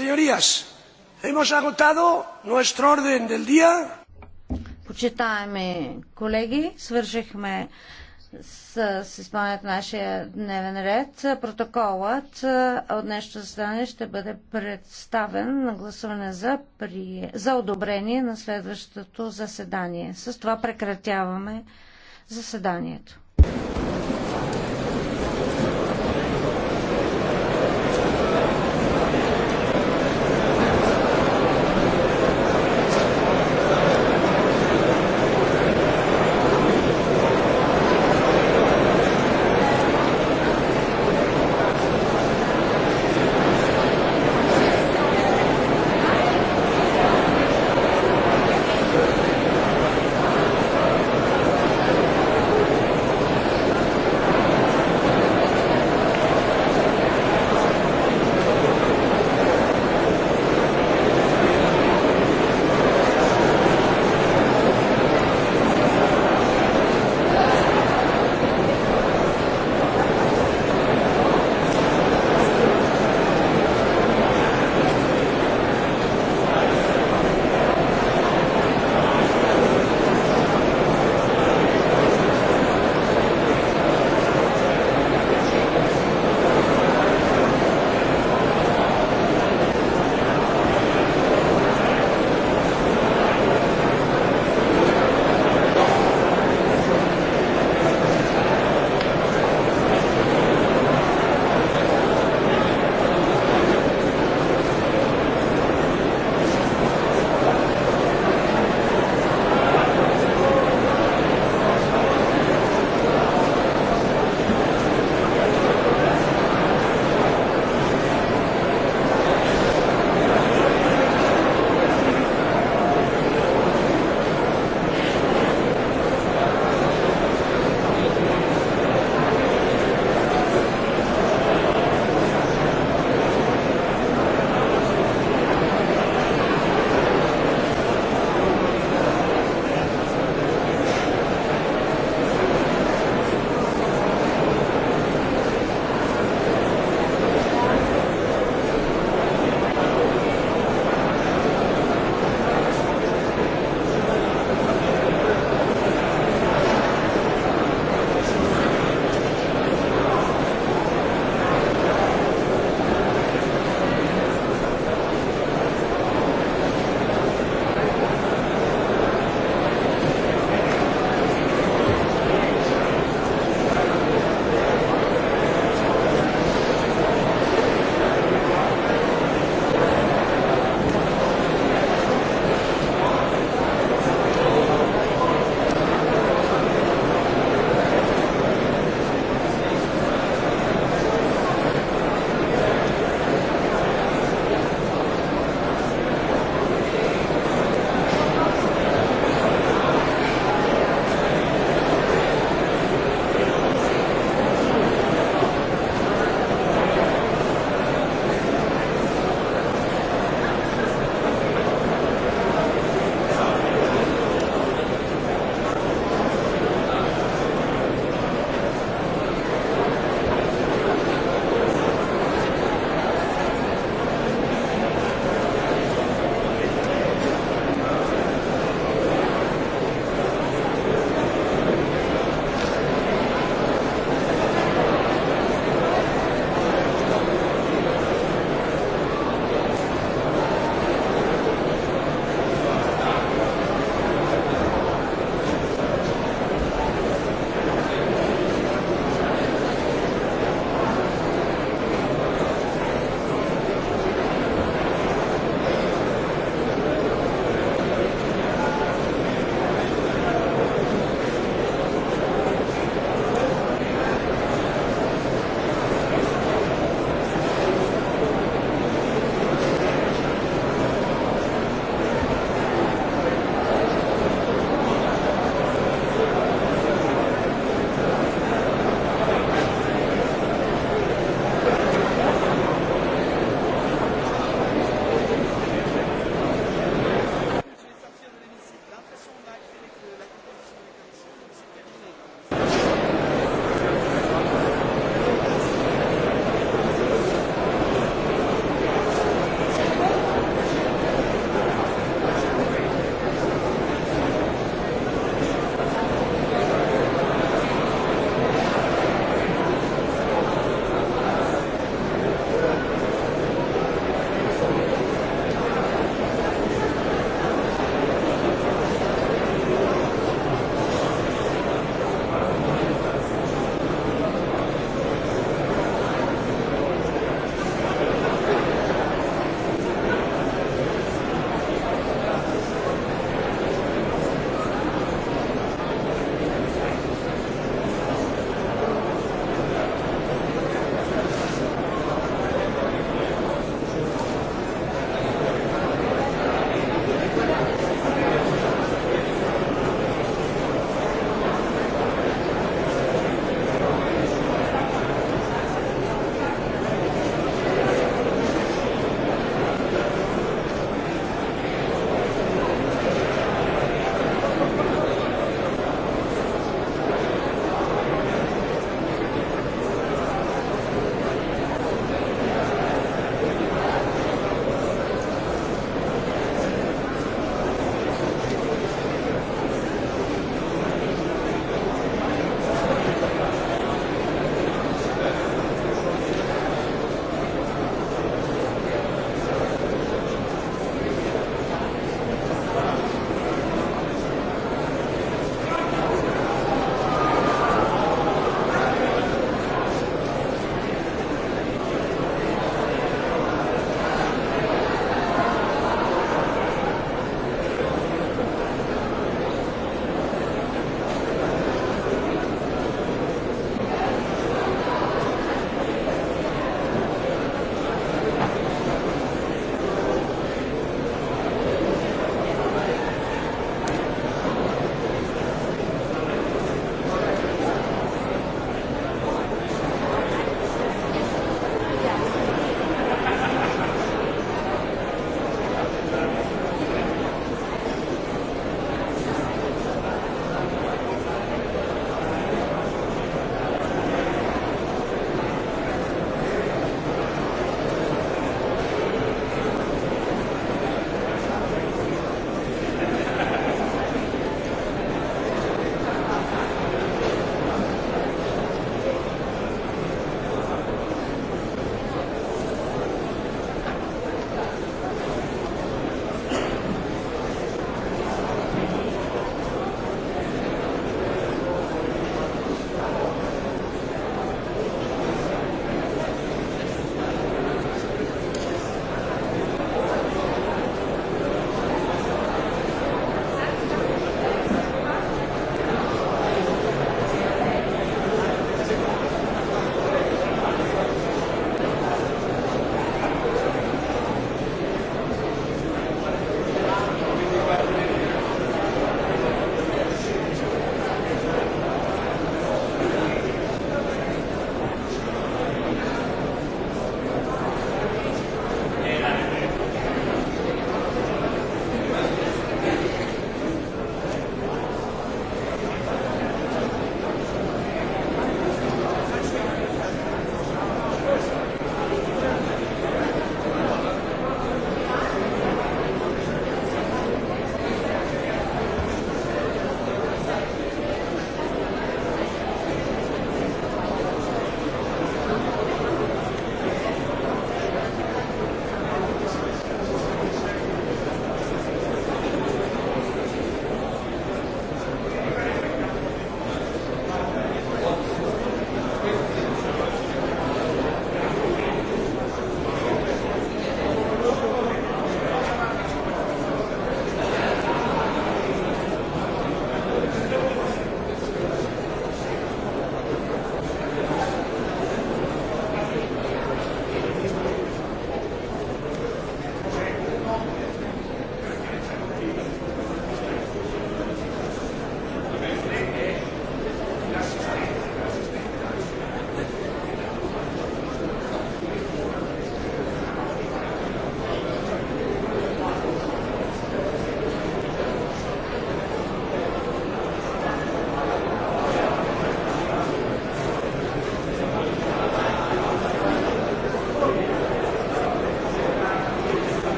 Señorías, hemos agotado nuestro orden del día. Почитаеми колеги, свършихме с, с изпълнението нашия дневен ред. Протоколът от днешното заседание ще бъде представен на гласуване за, при... за одобрение на следващото заседание. С това прекратяваме заседанието.